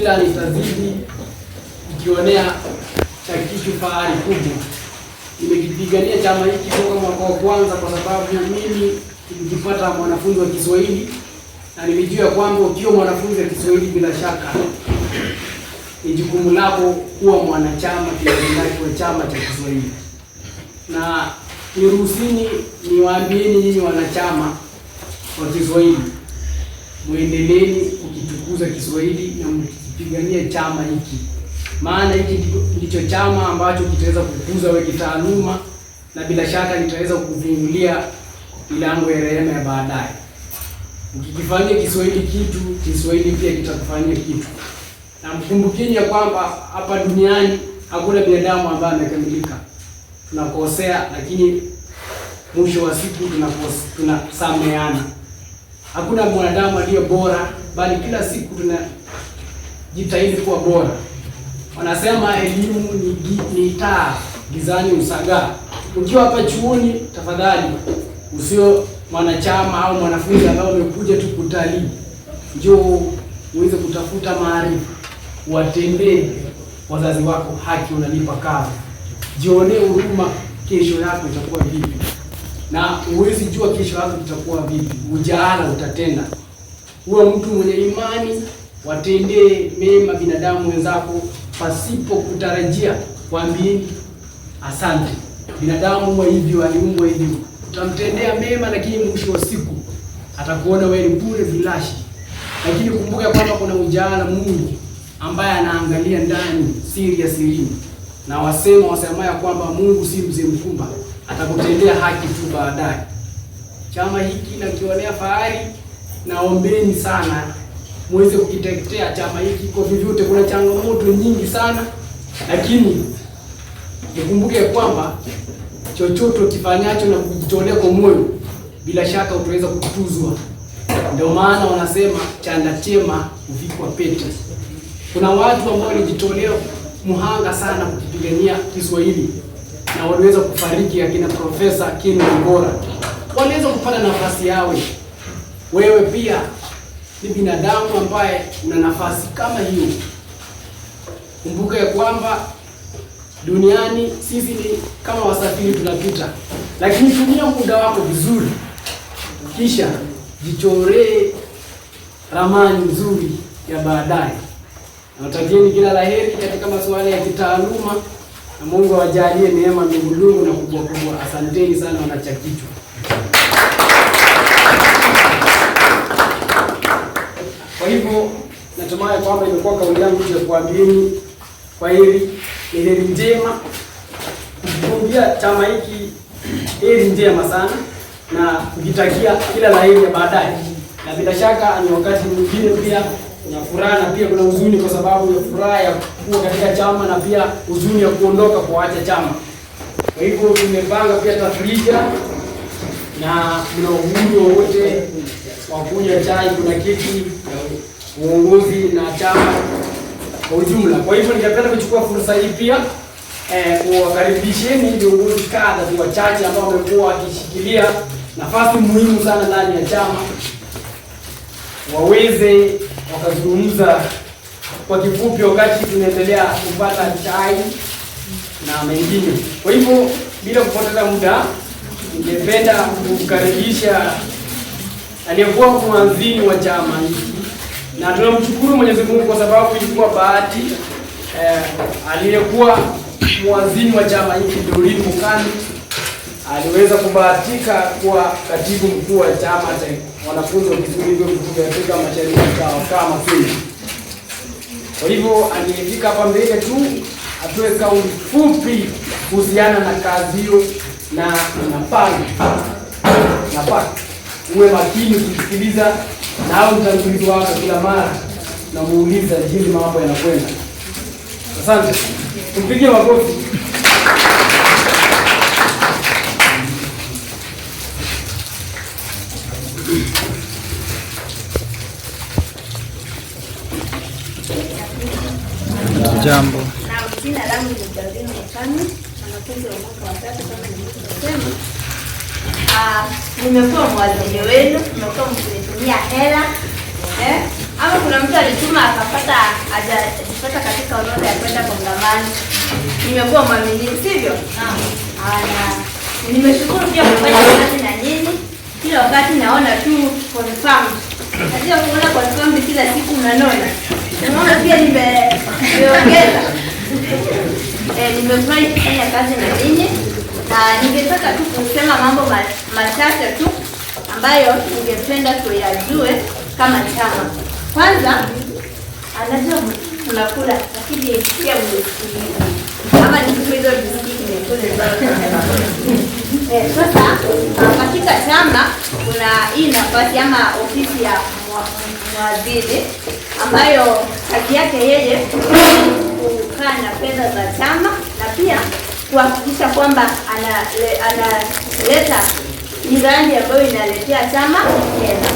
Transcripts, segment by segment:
ila nitazidi kujionea cha kitu fahari kubwa. Nimekipigania chama hiki toka mwaka wa kwanza, kwa sababu mimi nilijipata mwanafunzi wa Kiswahili na nilijua kwamba ukiwa mwanafunzi wa Kiswahili, bila shaka ni jukumu lako kuwa mwanachama kiaendaji wa chama cha Kiswahili. Na niruhusini niwaambieni nyinyi wanachama wa Kiswahili, muendeleeni kukitukuza Kiswahili na tupiganie chama hiki, maana hiki ndicho chama ambacho kitaweza kukuza wewe kitaaluma na bila shaka nitaweza kukufungulia milango ya rehema ya baadaye. Ukikifanyia Kiswahili kitu, Kiswahili pia kitakufanyia kitu. Na mkumbukeni ya kwamba hapa duniani hakuna binadamu ambaye amekamilika, tunakosea, lakini mwisho wa siku tunakose, tunasameana. Hakuna mwanadamu aliyo bora, bali kila siku tuna jitahidi kuwa bora. Wanasema elimu ni, ni taa gizani usagaa. Ukiwa hapa chuoni, tafadhali usio mwanachama au mwanafunzi ambao umekuja tu kutalii, njoo uweze kutafuta maarifa, watendee wazazi wako haki, unalipa karo, jionee huruma. Kesho yako itakuwa vipi? Na huwezi jua kesho yako itakuwa vipi, ujaala utatenda. Huwa mtu mwenye imani watendee mema binadamu wenzako pasipo kutarajia, waambieni asante. Binadamu wa hivyo aliumbwa hivyo, utamtendea mema, lakini mwisho wa siku atakuona wewe bure vilashi. Lakini kumbuka kwamba kuna ujaala Mungu ambaye anaangalia ndani siri ya sirini, na wasema wasema ya kwamba Mungu si mzee mkumba, atakutendea haki tu baadaye. Chama hiki nakionea fahari, naombeni sana muweze kukitetea chama hiki kwa vyovyote. Kuna changamoto nyingi sana, lakini nikumbuke kwamba chochote ukifanyacho na kujitolea kwa moyo, bila shaka utaweza kutuzwa. Ndio maana wanasema chanda chema huvikwa pete. Kuna watu ambao walijitolea mhanga sana kukipigania Kiswahili na waliweza kufariki, akina Profesa Ken Walibora waliweza kupata nafasi yawe. Wewe pia ni binadamu ambaye una nafasi kama hiyo. Kumbuka ya kwamba duniani sisi ni kama wasafiri tunapita, lakini tumia muda wako vizuri, kisha jichoree ramani nzuri ya baadaye. Natakieni kila la heri katika masuala ya kitaaluma, na Mungu awajalie neema mbingulungu na kubwa kubwa. Asanteni sana wanachakichwa. natumai kwamba imekuwa kauli yangu kuambieni kwa hili ni heri njema kufungia chama hiki heri njema sana na kukitakia kila la heri ya baadaye, na bila shaka ni wakati mwingine pia na furaha na pia kuna huzuni, kwa sababu ya furaha ya kuwa katika chama na pia huzuni ya kuondoka kuacha chama. Kwa hivyo tumepanga pia tafrija na mna uhuru wowote wa kunywa chai, kuna kiti uongozi na chama kwa ujumla. Kwa hivyo ningependa kuchukua fursa hii pia eh, kuwakaribisheni viongozi kadha tu wachache ambao wamekuwa wakishikilia nafasi muhimu sana ndani ya chama waweze wakazungumza kwa kifupi, wakati tunaendelea kupata chai na mengine. Kwa hivyo bila kupoteza muda, ningependa kukaribisha aliyekuwa mwanzini wa chama hiki na tunamshukuru Mwenyezi Mungu kwa sababu ilikuwa bahati eh, aliyekuwa mwanzini wa chama hiki Doreen Mukandi aliweza kubahatika kuwa katibu mkuu wa chama cha wanafunzi wa vizuri hivyo vikuu vya Afrika Mashariki kama Kenya. Kwa hivyo aliyefika hapa mbele tu atoe kauli fupi kuhusiana na kazi hiyo na napanga napaka uwe makini kusikiliza nawe mtangulizi wako kila mara na muuliza jinsi mambo yanakwenda. Asante, tumpigie makofi. Jambo ah, nimekuwa mwalimu wenu, nimekuwa mkurugenzi kutumia hela eh, ama kuna mtu alituma akapata ajajipata katika orodha ya kwenda kongamano. Nimekuwa mwamini, sivyo? Haya, nimeshukuru pia kufanya kazi na nyinyi kila wakati, naona tu confirm katika kuona confirm kila siku unanona, naona pia nimeongeza eh, nimefurahi kufanya kazi na nyinyi na ningetaka tu kusema mambo machache tu ambayo ningependa tuyajue kama chama. Kwanza, anajua tunakula lakini pia msikilize, ni kitu hizo diski Eh, sasa ah, katika chama kuna hii nafasi ama ofisi ya mwadhiri ambayo kazi yake yeye kukaa na fedha za chama na pia kuhakikisha kwamba analeta ni rangi ambayo inaletea chama hela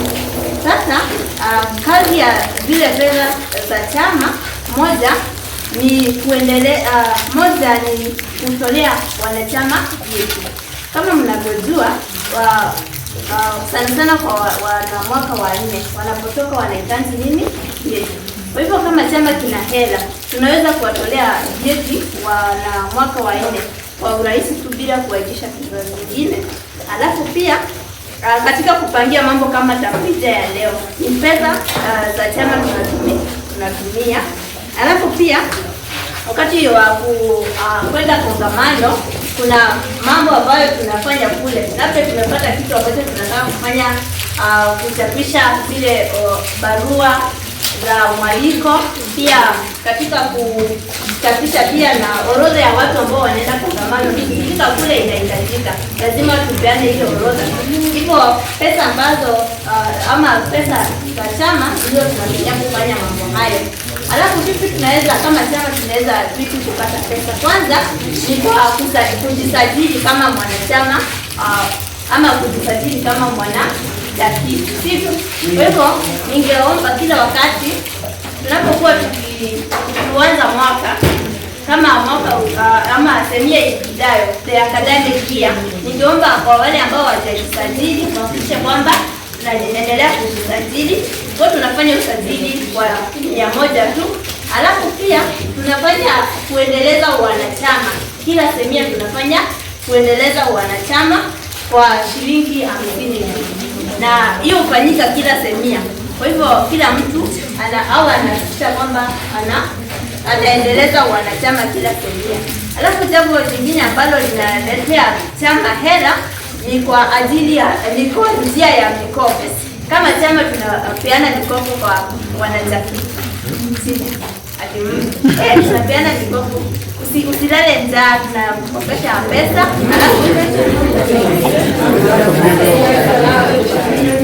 Sasa um, kazi ya zile fedha za chama moja ni kuendelea, uh, moja ni kutolea wanachama yetu. Kama mnavyojua wa, uh, sana sana kwa wana mwaka wa nne wanapotoka wanahitaji nini yetu. Kwa hivyo kama chama kina hela tunaweza kuwatolea vyeti wana mwaka wa nne kwa urahisi tu bila kuwaitisha kizazi kingine. Alafu pia uh, katika kupangia mambo kama tafrija ya leo ni fedha uh, za chama tunatumia, tunatumia. Alafu pia wakati wa uh, kwenda uh, kongamano kuna mambo ambayo tunafanya kule, labda tumepata kitu ambacho tunataka kufanya uh, kuchapisha vile uh, barua za mwaliko pia katika kuchapisha pia na orodha ya watu ambao wanaenda kongamano ikifika kule inahitajika, lazima tupeane hiyo orodha. Ipo pesa ambazo uh, ama pesa za chama ndio tunatumia kufanya mambo hayo. Alafu sisi tunaweza kama chama tunaweza vipi kupata pesa? Kwanza ni kwa kujisajili kama mwanachama uh, ama kujisajili kama mwana ya sivyo? Kwa hivyo ningeomba kila wakati tunapokuwa tukianza mwaka kama mwaka uh, ama semia ijayo ya academic pia, ningeomba kwa wale ambao watajisajili kuhakikisha kwamba tunaendelea kujisajili kwa tunafanya usajili kwa mia moja tu, alafu pia tunafanya kuendeleza wanachama kila semia tunafanya kuendeleza wanachama kwa shilingi hamsini na hiyo hufanyika kila semia. Kwa hivyo kila mtu ana au anahakikisha kwamba ana anaendeleza wanachama kila semia. Alafu jambo lingine ambalo linaletea chama hela ni kwa ajili ya ni kwa njia ya mikopo. Kama chama tunapeana mikopo kwa wanachama eh, tunapeana mikopo usi, usilale njaa, tunakopesha pesa alafu